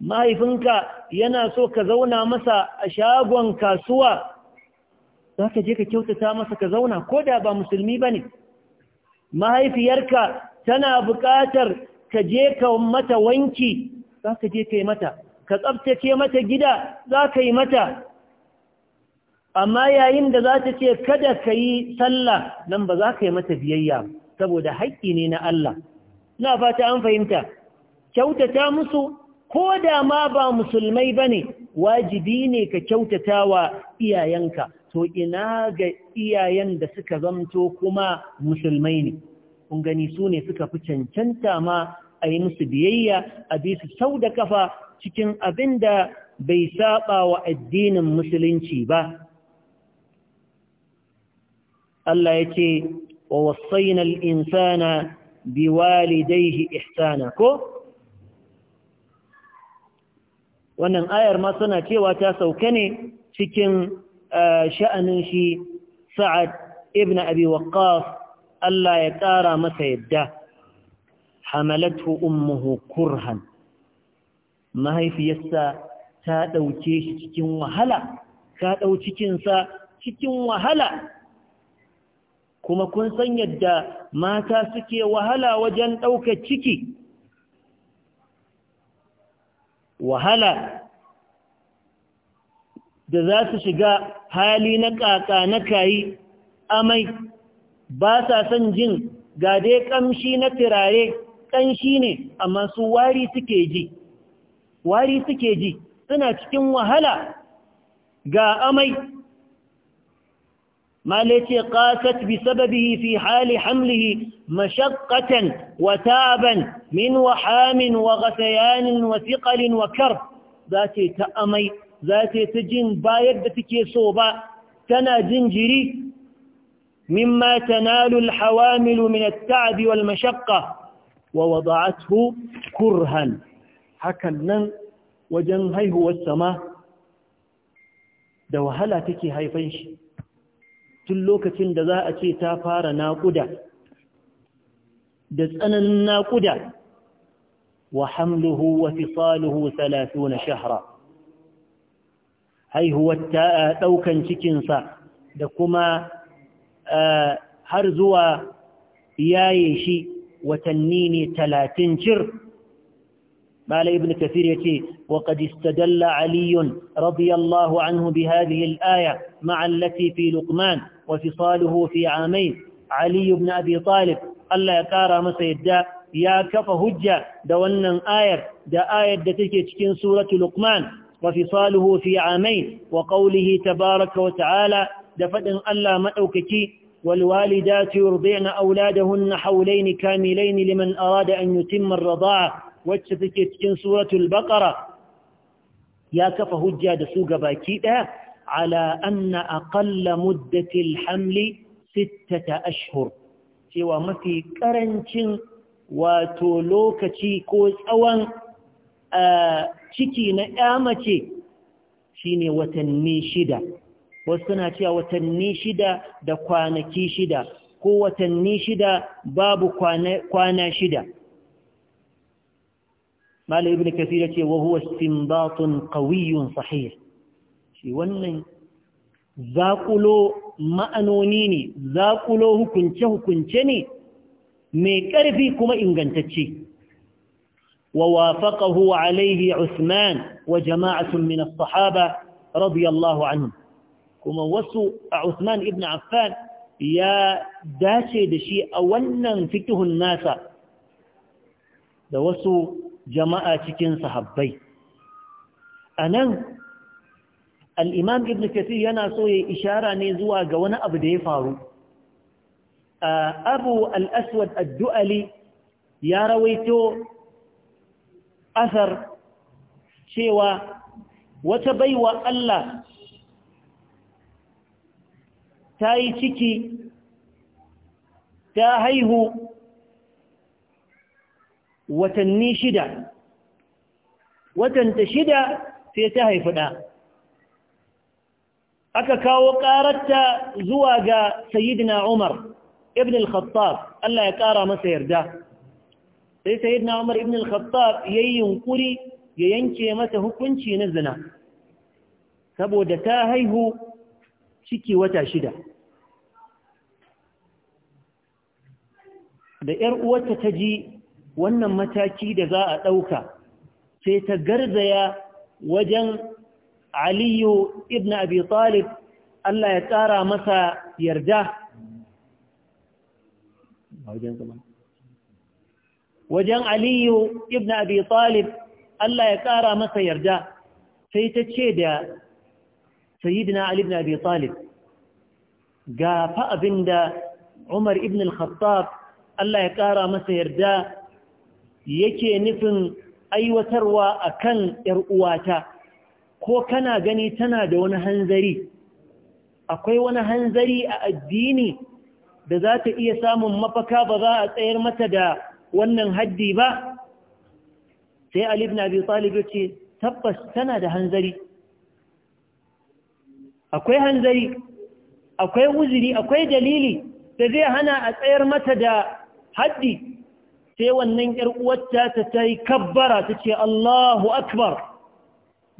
Speaker 1: mahaifinka yana so ka zauna masa a shagon kasuwa za ka je ka kyautata masa ka zauna ko da ba musulmi ba ne mahaifiyarka tana buƙatar ka je ka mata wanki za ka je ka yi mata ka tsabtace mata gida za ka yi mata amma yayin da za ta ce kada ka yi sallah nan ba za ka yi mata biyayya saboda haƙƙi ne na Allah na fata an fahimta kyautata musu ko da ma ba musulmai ba ne wajibi ne ka kyautata wa iyayenka to ina ga iyayen da suka zamto kuma musulmai ne kun gani su ne suka fi cancanta ma a yi musu biyayya a bi su sau da kafa cikin abin da bai saba wa addinin musulunci ba Allah ya ce wa wasainal insana biwalidaihi ihsana ko wannan ayar ma suna cewa ta sauke ne cikin sha'anin shi sa'ad ibn abi waqqas Allah ya ƙara masa yadda Hamalatu ummuhu kurhan mahaifiyarsa ta ɗauke shi cikin wahala ta ɗau cikinsa cikin wahala kuma kun san yadda mata suke wahala wajen ɗaukar ciki wahala da za su shiga hali na ƙaƙa na kayi amai ba sa son jin ga dai ƙamshi na tirare ƙanshi ne amma su wari suke ji wari suke ji suna cikin wahala ga amai malace ƙasat bi sababihi fi hali hamlihi mashakkatan wa taban min wahamin wa gasayanin wa siƙalin wa kar za ce ta amai za ta ta jin ba yadda take so ba tana jin jiri mimma tanalu alhawamilu min at-ta'b wal mashaqqa wa wada'athu kurhan hakan nan wajen haihuwar sama da wahala take haifan shi tun lokacin da za a ce ta fara naƙuda da tsananin naƙuda wa hamluhu wa fisaluhu 30 shahra haihuwar ɗaukan cikinsa da kuma har zuwa yaye shi watanni ne talatin cir قال ابن كثير يتي وقد استدل علي رضي الله عنه بهذه الآية مع التي في لقمان وفصاله في عامين علي بن أبي طالب ألا يكارى مسيدا يا كف هجة دولنا آية دا آية دا تكي تكين سورة لقمان وفصاله في عامين وقوله تبارك وتعالى دفد ألا مأوكك والوالدات يرضعن أولادهن حولين كاملين لمن أراد أن يتم الرضاعة واتفكت إن سورة البقرة يا كف هجاد سوق باكيدها على أن أقل مدة الحمل ستة أشهر سوى ما في كرنش وتولوكتي كوز أوان آه ciki na ya mace shine watanni shida wasu suna cewa watanni shida da kwanaki shida ko watanni shida babu kwana shida mala ibn kathir ce wa huwa istinbatun qawiyyun sahih shi wannan zaƙulo ma'anoni ne zaƙulo hukunce hukunce ne mai ƙarfi kuma ingantacce ووافقه عليه عثمان وجماعة من الصحابة رضي الله عنهم كما وسو عثمان ابن عفان يا داشي دشي أولا فته الناس دا جماعة تكين صحبي أنا الإمام ابن كثير ينا إشارة نيزوها قوانا أبدي فارو آه، أبو الأسود الدؤلي يا رويتو asar cewa wata baiwa Allah ta yi ciki ta haihu watanni shida watanta shida sai ta haifi ɗa aka kawo ƙararta zuwa ga sayidina umar ibn al-khattab Allah ya ƙara masa yarda sai sai na umar ibn al-khattab ya yi yunkuri ya yanke mata hukunci na zina saboda ta haihu ciki wata shida da ‘yar uwarta ta ji wannan mataki da za a ɗauka sai ta garzaya wajen aliyu ibn abi talib Allah ya tsara masa yarda a wajen wajen aliyu ibn abi talib Allah ya ƙara masa yarda sai ta ce da sayyidina ali ibn abi talib ga fa abinda umar ibn al-khattab Allah ya ƙara masa yarda yake nufin aiwatarwa a kan uwata ko kana gani tana da wani hanzari akwai wani hanzari a addini da za ta iya samun mafaka ba za a tsayar mata da wannan haddi ba sai Ali ibn Abi Talib yace tabbas tana da hanzari akwai hanzari akwai uziri, akwai dalili da zai hana a tsayar mata da haddi sai wannan 'yar uwarta ta yi kabbara tace Allahu akbar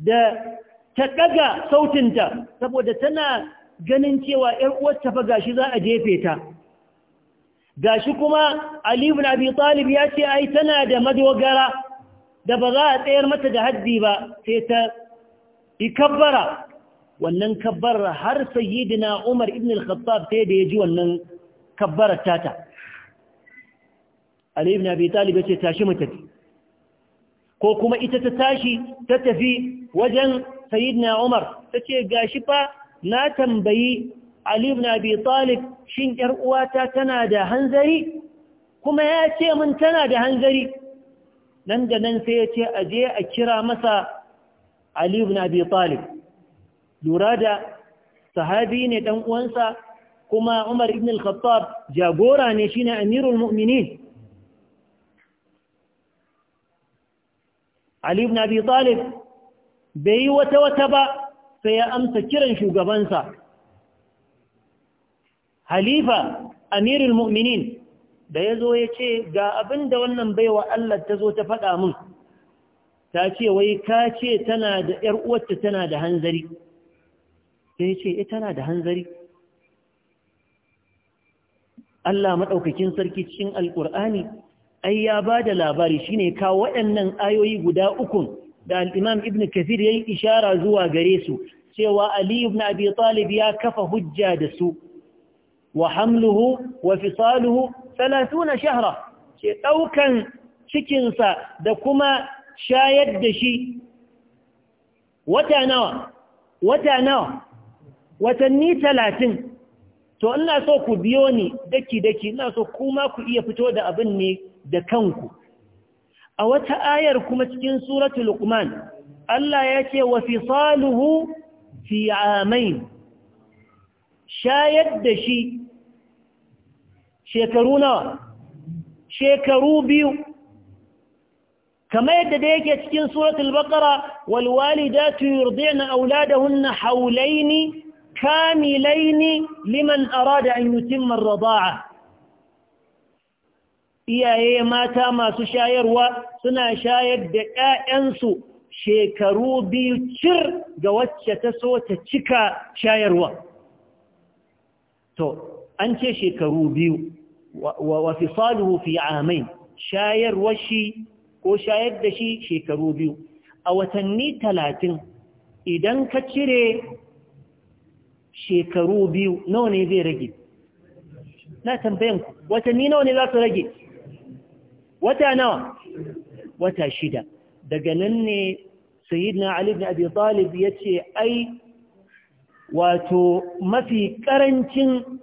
Speaker 1: da ta ɗaga sautinta saboda tana ganin cewa ‘yar uwarta fa gashi za a jefe ta Ga shi kuma Ali ibn Abi Talib ya ce ai tana da madogara da ba za a tsayar mata da haddi ba sai ta ikabbara wannan kabbara har sayyidina Umar ibn al-Khattab sai da ya ji wannan kabbarar tata Ali ibn Abi Talib ya ce tashi mu tafi ko kuma ita ta tashi ta tafi wajen sayyidina Umar ta ce ga shi fa na tambayi Ali ibn Abi Talib shin ƴar uwata tana da hanzari kuma ya ce min tana da hanzari nan da nan sai ya ce a je a kira masa Ali ibn Abi Talib lura da sahabi ne dan uwansa kuma Umar ibn al-Khattab jagora ne shine Amirul Mu'minin Ali ibn Abi Talib bai yi wata wata ba sai ya amsa kiran shugabansa halifa amirul mu'minin da ya zo ya ce ga abin da wannan baiwa Allah ta zo ta faɗa mun ta ce wai ka ce tana da ‘yar uwarta tana da hanzari sai ce e tana da hanzari Allah maɗaukakin sarki cikin alƙur'ani ai ya ba da labari shi ne kawo waɗannan ayoyi guda ukun da al'imam ibn kafir ya yi ishara zuwa gare su cewa ali ibn abi talib ya kafa hujja da su وحمله وفصاله ثلاثون شهرا أو كان شكنسا دكما شايد دشي وتعنوى وتعنوى watanni talatin to ina so ku biyo ni daki-daki ina so kuma ku iya fito da abin ne da kanku a wata ayar kuma cikin suratul luqman Allah ya ce wa fisaluhu fi amain shayar da shi shekaru nawa shekaru biyu kamar yadda da yake cikin suratul baqara wal walidatu yurdi'na auladahunna hawlaini kamilaini liman arada an yutimma ar-rida'a iyaye mata masu shayarwa suna shayar da ƴaƴansu shekaru biyu cir ga wacce ta so ta cika shayarwa to an ce shekaru biyu وفصاله في عامين شاير وشي ko shayar da shi shekaru biyu a watanni talatin idan ka cire shekaru biyu nawa ne zai rage na tambayan ku watanni nawa ne za su rage wata nawa wata shida daga nan ne sayyidina ali ibn abi talib yace ai wato mafi ƙarancin.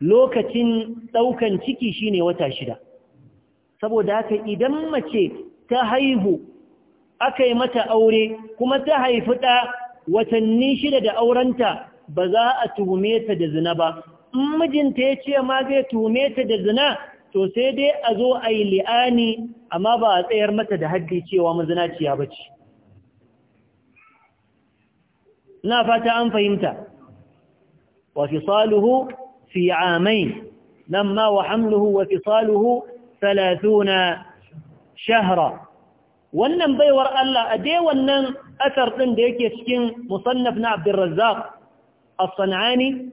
Speaker 1: lokacin ɗaukan ciki shine wata shida saboda haka idan mace ta haihu aka yi mata aure kuma ta haifi ɗa watanni shida da aurenta ba za a tuhume ta da zina ba in mijinta ya ce ma zai tuhume ta da zina to sai dai a zo a yi li'ani amma ba a tsayar mata da haddi cewa mazinaciya ba ce na fata an fahimta wa fi saluhu في عامين لما وحمله وفصاله ثلاثون شهرا wannan baiwar Allah a dai wannan asar ɗin da yake cikin musannaf na Abdurrazzaq as-Sanani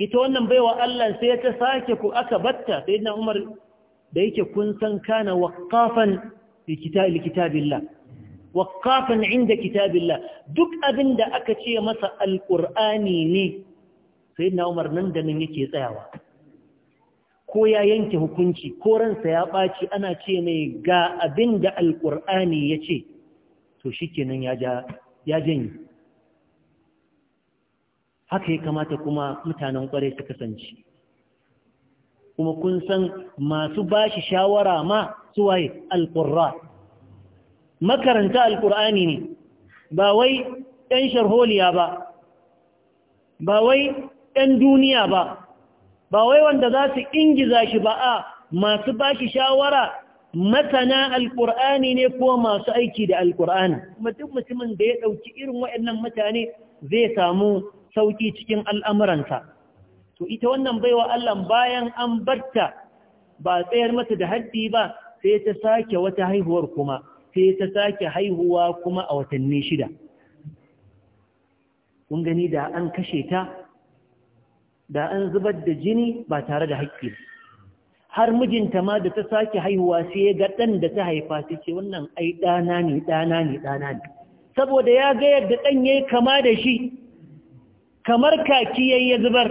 Speaker 1: ita wannan baiwar Allah sai ta sake ku aka batta sai na Umar da yake kun san kana waqafan fi kitabillah waqafan inda kitabillah duk abinda aka ce masa alqur'ani ne sai na umar nan da nan yake tsayawa ko ya yanke hukunci ko ransa ya ɓaci ana ce mai ga abin da alƙur'ani ya ce to shi kenan ya janyi haka ya kamata kuma mutanen ƙware su kasance kuma kun san masu ba shi shawara ma suwaye alƙurra makaranta alƙur'ani ne ba wai ɗan sharholiya ba ba wai ‘yan duniya ba, ba wai wanda za su ingiza shi ba a masu ba shi shawara masana alƙur'ani ne ko masu aiki da alƙur'ani. Kuma mutumin da ya ɗauki irin waɗannan mutane zai samu sauƙi cikin al'amuransa. To, ita wannan baiwa Allah bayan an barta ba tsayar mata da haddi ba sai ta sake wata haihuwar kuma, sai ta sake haihuwa kuma a watanni shida. Kun gani da an kashe ta da an zubar da jini ba tare da haƙƙi har mijinta ma da ta sake haihuwa sai ya ga ɗan da ta haifa sai ce wannan ai ɗana ne ɗana ne ɗana ne saboda ya ga yadda ɗan ya yi kama da shi kamar kaki ya yi zubar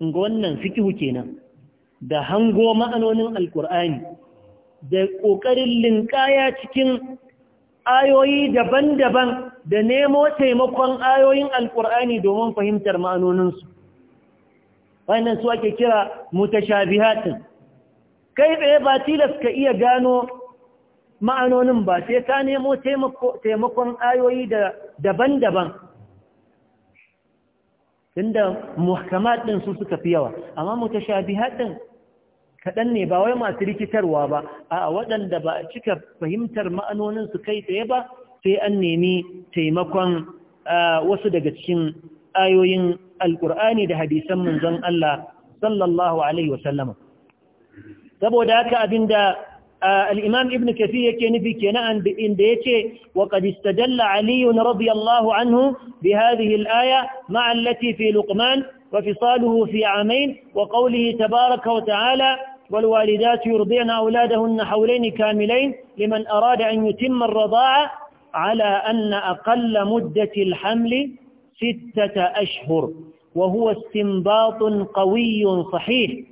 Speaker 1: ga wannan fikihu kenan da hango ma'anonin Alƙur'ani da ƙoƙarin linƙaya cikin ayoyi daban-daban da nemo taimakon ayoyin alkur'ani domin fahimtar ma'anoninsu wannan su ake kira mutashabihatin kai tsaye ba tilas ka iya gano ma'anonin ba sai ka nemo taimakon ayoyi daban-daban tunda muhkamat din su suka fi yawa amma mutashabihatin kaɗan ne ba wai masu rikitarwa ba a waɗanda ba cika fahimtar ma'anoninsu kai tsaye ba sai an nemi taimakon wasu daga cikin ayoyin alkur'ani da hadisan manzon Allah sallallahu alaihi wasallam saboda haka abinda al-imam ibn kathir yake nufi kenan inda yace wa qad istadalla ali radiyallahu anhu bi hadhihi al-aya ma'a allati fi luqman wa fisaluhu fi amain wa qawlihi tabaaraka wa ta'ala والوالدات يرضين أولادهن حولين كاملين لمن أراد أن يتم الرضاعة على أن أقل مدة الحمل ستة أشهر وهو استنباط قوي صحيح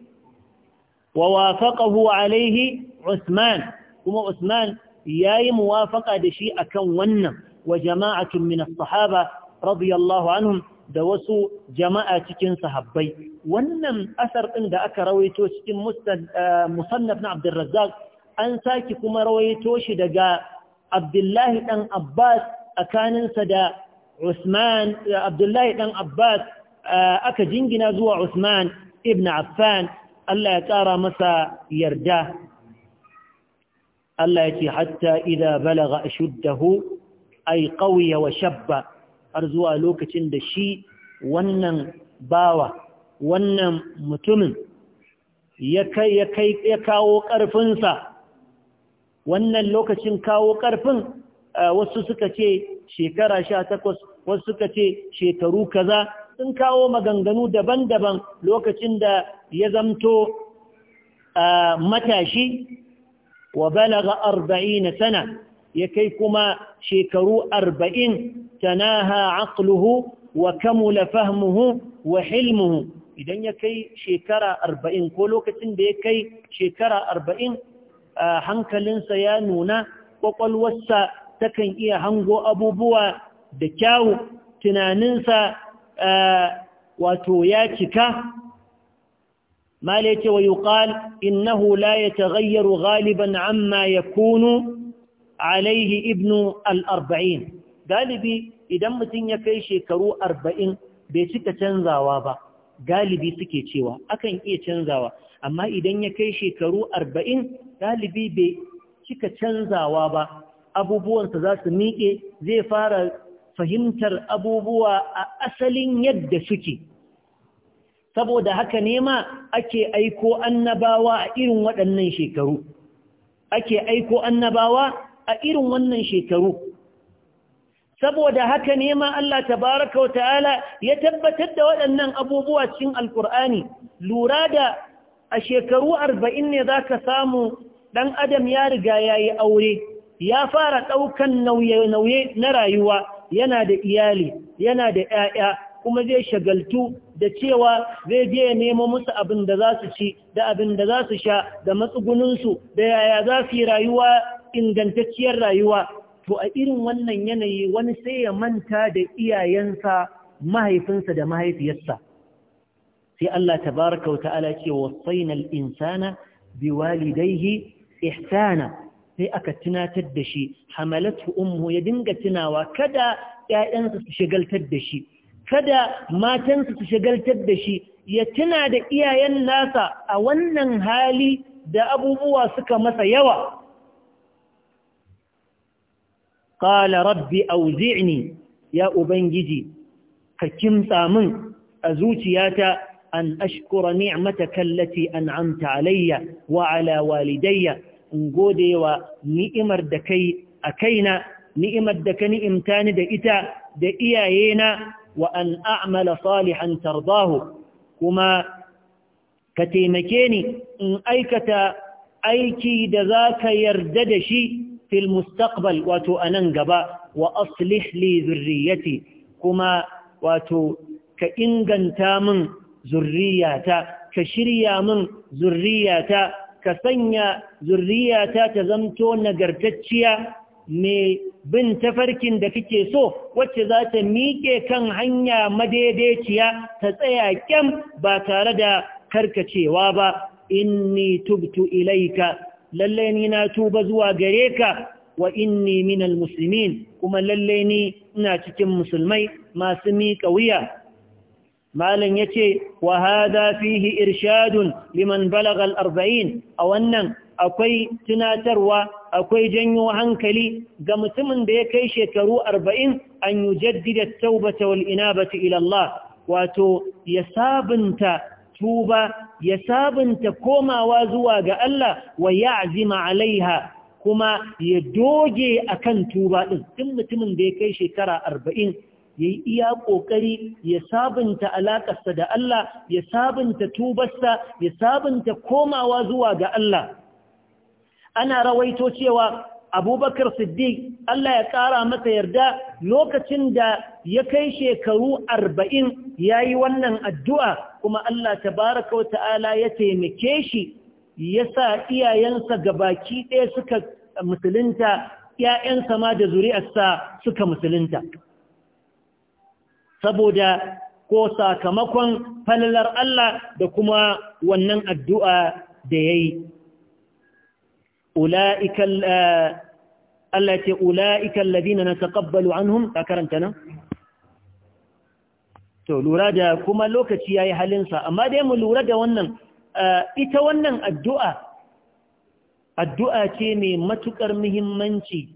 Speaker 1: ووافقه عليه عثمان ثم عثمان يا موافقة لشيء كون وجماعة من الصحابة رضي الله عنهم دوسوا جماعة تكين صحبي ونم أثر عند أكا رويتوش آه، مصنف عبد الرزاق أنساك كما رويتوش دقاء Abdullahi ɗan Abbas kaninsa da Usman, Abdullahi ɗan Abbas eh, aka jingina zuwa Usman ibn Affan, Allah ya ƙara masa yarda. Allah ya ce, Hatta idha balaga shuddahu ai ƙauye wa shabba, har zuwa lokacin da shi wannan bawa, wannan mutumin ya kai ya kawo ƙarfinsa wannan lokacin kawo ƙarfin wasu suka ce shekara sha takwas wasu suka ce shekaru kaza sun kawo maganganu daban-daban lokacin da ya zamto matashi wa balaga arba'in sana ya kai kuma shekaru arba'in tanaha aqluhu wa kamula fahmuhu wa hilmuhu idan ya kai shekara arba'in ko lokacin da ya kai shekara arba'in hankalinsa ya nuna ƙwaƙwalwarsa takan iya hango abubuwa da kyawu tunaninsa wato ya cika malai ce wa yuqal innahu la yataghayyaru ghaliban amma kunu. alaihi ibnu al-arba'in galibi idan mutum ya kai shekaru arba'in bai cika canzawa ba galibi suke cewa akan iya canzawa amma idan ya kai shekaru arba'in ɗalibi bai cika canzawa ba abubuwansa za su miƙe zai fara fahimtar abubuwa a asalin yadda suke saboda haka nema ake aiko annabawa a irin waɗannan shekaru ake aiko annabawa a irin wannan shekaru saboda haka nema Allah tabaraka wata'ala ya tabbatar da waɗannan abubuwa cikin alkur'ani lura da a shekaru arba'in ne za ka samu ɗan adam ya riga ya yi aure ya fara ɗaukan nauye-nauye na rayuwa yana da iyali yana da 'ya'ya kuma zai shagaltu da cewa zai je ya nemo musu abin da za su ci da abin da za su sha da matsuguninsu da yaya za su yi rayuwa ingantacciyar rayuwa to a irin wannan yanayi wani sai ya manta da iyayensa mahaifinsa da mahaifiyarsa sai Allah tabaraka wa ta'ala ce wa wasainal insana bi walidaihi ihsana sai aka tunatar da shi hamalatu ummu ya dinga tunawa kada ƴaƴansa su shagaltar da shi kada matansa su shagaltar da shi ya tuna da iyayen nasa a wannan hali da abubuwa suka masa yawa qala rabbi auzi'ni ya ubangiji ka kimtsa min a zuciyata an ashkura ni'mataka allati an'amta alayya wa ala walidayya in gode wa ni'imar da kai a kaina ni'imar da ka ni'imta ni da ita da iyayena wa an a'mala salihan tarbahu kuma ka taimake ni in aikata aiki da za ka yarda da shi fil mustaqbal wato a nan gaba wa aslih li zurriyati kuma wato ka inganta min zurriyata ka shirya min zurriyata ka sanya zurriyata ta ta zamto nagartacciya mai bin tafarkin da kike so wacce za ta miƙe kan hanya madaidaiciya ta tsaya kyam ba tare da karkacewa ba inni tubtu ilaika lalle ni na tuba zuwa gare ka wa inni minal muslimin kuma lalle ni ina cikin musulmai masu miƙa wuya malam ya ce wa hada fihi irshadun liman balagal arba'in a wannan akwai tunatarwa akwai janyo hankali ga mutumin da ya kai shekaru arba'in an yi jaddida taubata wal inabata ilallah wato ya sabunta tuba ya sabunta komawa zuwa ga Allah wa ya'zima alaiha kuma ya doge akan tuba din tun mutumin da ya kai shekara arba'in ya yi iya ƙoƙari ya sabunta alaƙarsa da Allah, ya sabunta tubarsa, ya sabunta komawa zuwa ga Allah. Ana rawaito cewa Abubakar Siddiq Allah ya ƙara masa yarda lokacin da ya kai shekaru arba'in ya yi wannan addu'a kuma Allah baraka wa ta'ala ya taimake shi ya sa iyayensa ga baki ɗaya suka musulunta ‘ya'yansa ma da zuri'arsa suka musulunta. saboda ko sakamakon falalar Allah da kuma wannan addu'a da ya yi. Eh, Allah ce, Ula'ikan labina na taƙabbalu an hun, ta karanta nan? To, lura da kuma lokaci ya yi halinsa, amma dai mu lura da wannan, eh, ita wannan addu'a, addu'a ce mai matuƙar muhimmanci,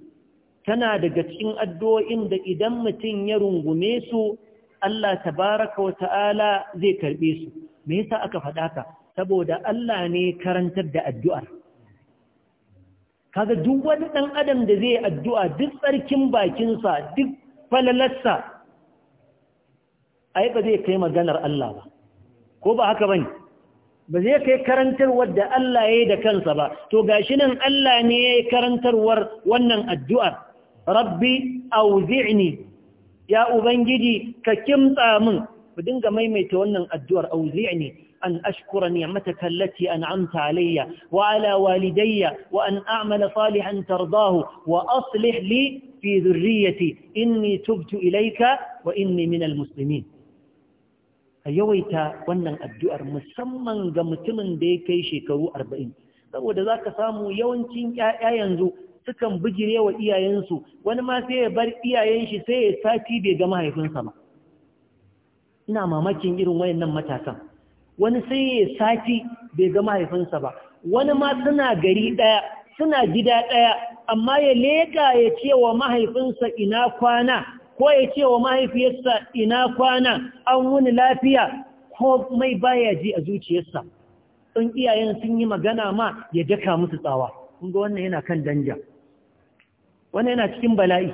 Speaker 1: tana daga cikin addu'o'in da idan mutum ya rungume su Allah tabaraka wa ta'ala zai karɓe su me yasa aka faɗa ka saboda Allah ne karantar da addu'ar kaga duk wani ɗan adam da zai addu'a duk tsarkin bakinsa duk falalarsa ai ba zai kai maganar Allah ba ko ba haka bane ba zai kai karantarwar da Allah ya yi da kansa ba to gashi nan Allah ne ya yi karantarwar wannan addu'ar rabbi auzi'ni ya Ubangiji ka kimta min ku dinga maimaita wannan addu’ar auzi’ni an ashkura mata kallati an amta alayya wa ala walidayya wa an a’amala salihan tardahu wa aslih li fi zurriyati inni tubtu ilaika wa inni minal musulmi ka yawaita wannan addu’ar musamman ga mutumin da ya kai shekaru arba'in saboda za ka samu yawancin ‘ya’ya yanzu’ sukan bijire wa iyayensu wani ma sai ya bar iyayen shi sai ya sati bai ga mahaifinsa ba ina mamakin irin wayannan matasan wani sai ya sati bai ga mahaifinsa ba wani ma suna gari ɗaya, suna gida ɗaya, amma ya leka ya ce wa mahaifinsa ina kwana ko ya ce wa mahaifiyarsa ina kwana an wuni lafiya ko mai baya ji a zuciyarsa in iyayen sun yi magana ma ya daka musu tsawa kun wannan yana kan danja wani yana cikin bala'i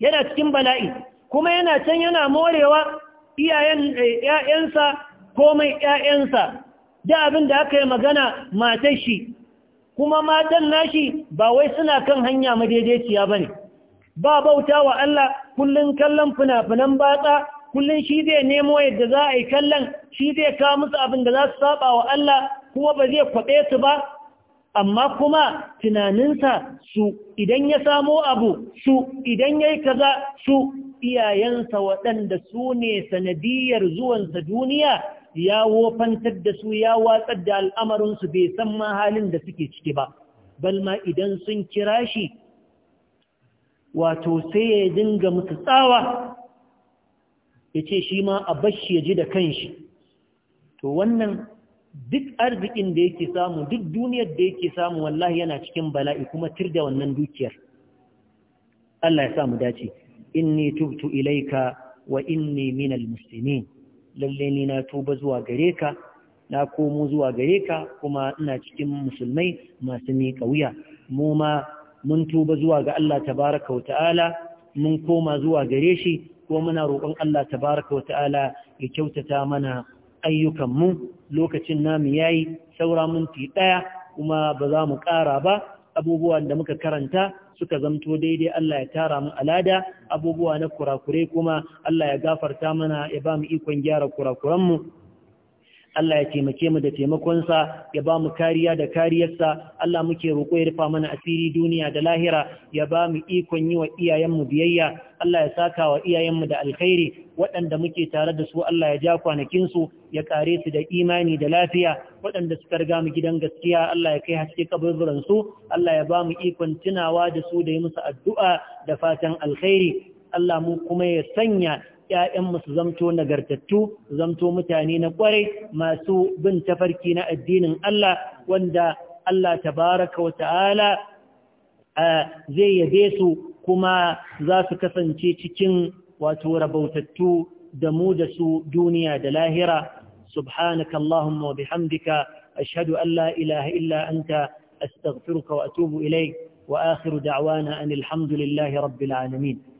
Speaker 1: yana cikin bala'i kuma yana can yana morewa iyayen ƴaƴansa eh, komai ƴaƴansa da abin da aka yi magana matar shi kuma matan nashi ba wai suna kan hanya madaidaiciya ne. ba bauta wa Allah kullun kallon finafinan batsa kullun shi zai nemo yadda za a yi kallon shi zai kawo musu abin da za su saba wa Allah kuma ba zai kwaɓe su ba amma kuma tunaninsa su idan ya samo abu su idan ya yi kaza su iyayensa waɗanda su ne sanadiyar zuwansa duniya ya wofantar da su ya watsar da al'amarinsu bai san ma halin da suke ciki ba balma idan sun kira shi wato sai ya dinga musu tsawa ya ce shi ma a bashi ya ji da kanshi to wannan duk arzikin da yake samu duk duniyar da yake samu wallahi yana cikin bala'i kuma tir da wannan dukiyar Allah ya mu dace inni tubtu ilaika wa inni minal muslimin lalle ni na tuba zuwa gare ka na komo zuwa gare ka kuma ina cikin musulmai masu miƙa kauya mu ma mun tuba zuwa ga Allah tabaraka wa ta'ala mun koma zuwa gare shi ko muna roƙon Allah tabaraka wa ta'ala ya kyautata mana Ayyukan mu lokacin namu yayi saura minti ɗaya kuma ba za mu ƙara ba abubuwan da muka karanta suka zamto daidai Allah ya tara mu alada abubuwa na kurakure kuma Allah ya gafarta mana ya ba mu ikon gyara kurakuranmu Allah ya taimake mu da taimakonsa ya ba mu kariya da kariyarsa Allah muke roƙo ya rufa mana asiri duniya da lahira ya ba mu ikon yi wa iyayenmu biyayya Allah ya saka wa iyayenmu da alkhairi waɗanda muke tare da su Allah ya ja kwanakinsu ya kare su da imani da lafiya waɗanda suka riga mu gidan gaskiya Allah ya kai haske kaburburansu Allah ya ba mu ikon tunawa da su da yi musu addu'a da fatan alkhairi Allah mu kuma ya sanya ‘ya'yanmu su zamto nagartattu, zamto mutane na ƙwarai masu bin tafarki na addinin Allah wanda Allah tabaraka wa ta'ala zai yabe su kuma za su kasance cikin wato rabautattu da mu da su duniya da lahira. Subhanaka Allahumma wa bihamdika, ashhadu an ilaha illa anta astaghfiruka wa atubu ilai wa akhiru da'wana an hamdulillahi rabbil alamin.